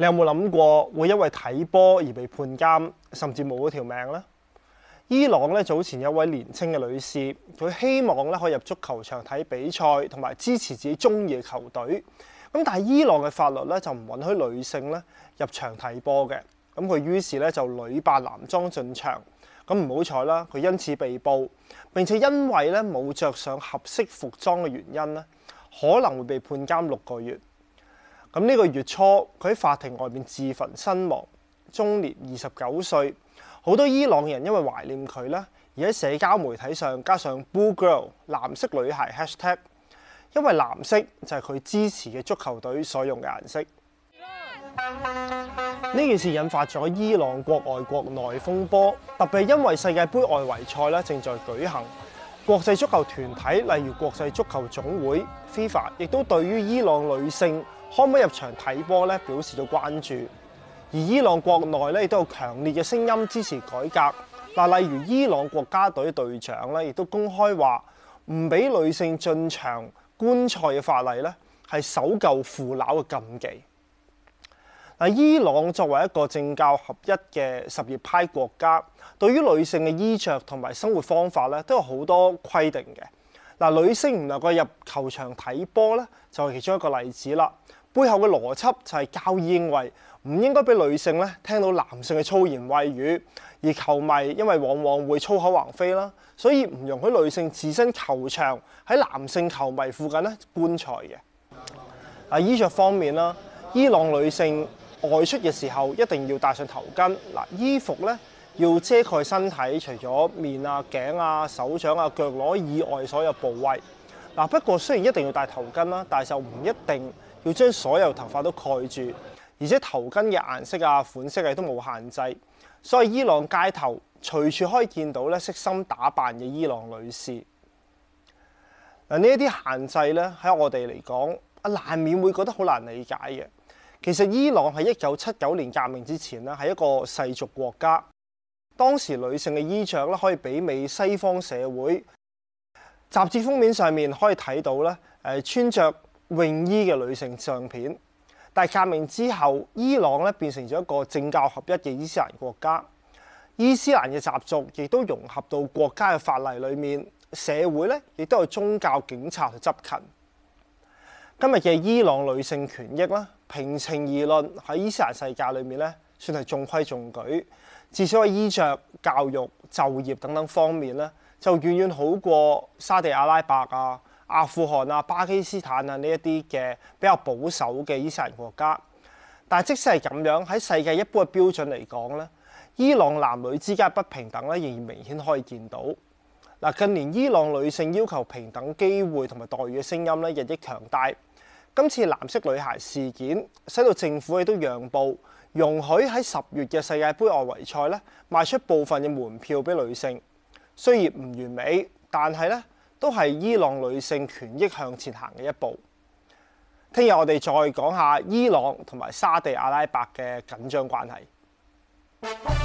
你有冇諗過會因為睇波而被判監，甚至冇咗條命呢？伊朗咧早前有一位年輕嘅女士，佢希望咧可以入足球場睇比賽，同埋支持自己中意嘅球隊。咁但係伊朗嘅法律咧就唔允許女性咧入場睇波嘅。咁佢於是咧就女扮男裝進場。咁唔好彩啦，佢因此被捕，並且因為咧冇着上合適服裝嘅原因咧，可能會被判監六個月。咁、這、呢個月初，佢喺法庭外面自焚身亡，終年二十九歲。好多伊朗人因為懷念佢而喺社交媒體上加上 blue girl 藍色女孩 hashtag，因為藍色就係、是、佢支持嘅足球隊所用嘅顏色。呢、yeah. 件事引發咗伊朗國外國內風波，特別係因為世界盃外圍賽咧正在舉行，國際足球團體例如國際足球總會 FIFA 亦都對於伊朗女性，可唔可以入場睇波咧？表示咗關注。而伊朗國內咧亦都有強烈嘅聲音支持改革嗱，例如伊朗國家隊隊長咧亦都公開話唔俾女性進場觀賽嘅法例咧係守舊腐朽嘅禁忌嗱。伊朗作為一個政教合一嘅什葉派國家，對於女性嘅衣着同埋生活方法咧都有好多規定嘅嗱。女性唔能夠入球場睇波咧就係其中一個例子啦。背後嘅邏輯就係教義認為唔應該俾女性咧聽到男性嘅粗言穢語，而球迷因為往往會粗口橫飛啦，所以唔容許女性置身球場喺男性球迷附近咧觀賽嘅。啊，衣着方面啦，伊朗女性外出嘅時候一定要戴上頭巾嗱，衣服咧要遮蓋身體，除咗面啊、頸啊、手掌啊、腳踝以外所有部位嗱。不過雖然一定要戴頭巾啦，但係就唔一定，要將所有頭髮都蓋住，而且頭巾嘅顏色啊、款式啊都冇限制，所以伊朗街頭隨處可以見到咧悉心打扮嘅伊朗女士。嗱，呢一啲限制咧喺我哋嚟講，難免會覺得好難理解嘅。其實伊朗喺一九七九年革命之前呢係一個世俗國家，當時女性嘅衣着咧可以媲美西方社會，雜誌封面上面可以睇到咧，誒穿着泳衣嘅女性相片，但係革命之後，伊朗咧變成咗一個政教合一嘅伊斯蘭國家，伊斯蘭嘅習俗亦都融合到國家嘅法例裏面，社會咧亦都有宗教警察去執勤。今日嘅伊朗女性權益啦，平情而論喺伊斯蘭世界裏面咧，算係中規中矩，至少喺衣着、教育、就業等等方面咧，就遠遠好過沙地阿拉伯啊。阿富汗啊、巴基斯坦啊呢一啲嘅比較保守嘅伊斯蘭國家，但即使係咁樣，喺世界一般嘅標準嚟講咧，伊朗男女之間嘅不平等咧仍然明顯可以見到。嗱，近年伊朗女性要求平等機會同埋待遇嘅聲音咧日益強大，今次藍色女孩事件使到政府亦都讓步，容許喺十月嘅世界杯外圍賽咧賣出部分嘅門票俾女性，雖然唔完美，但係咧。都係伊朗女性權益向前行嘅一步。聽日我哋再講下伊朗同埋沙地阿拉伯嘅緊張關係。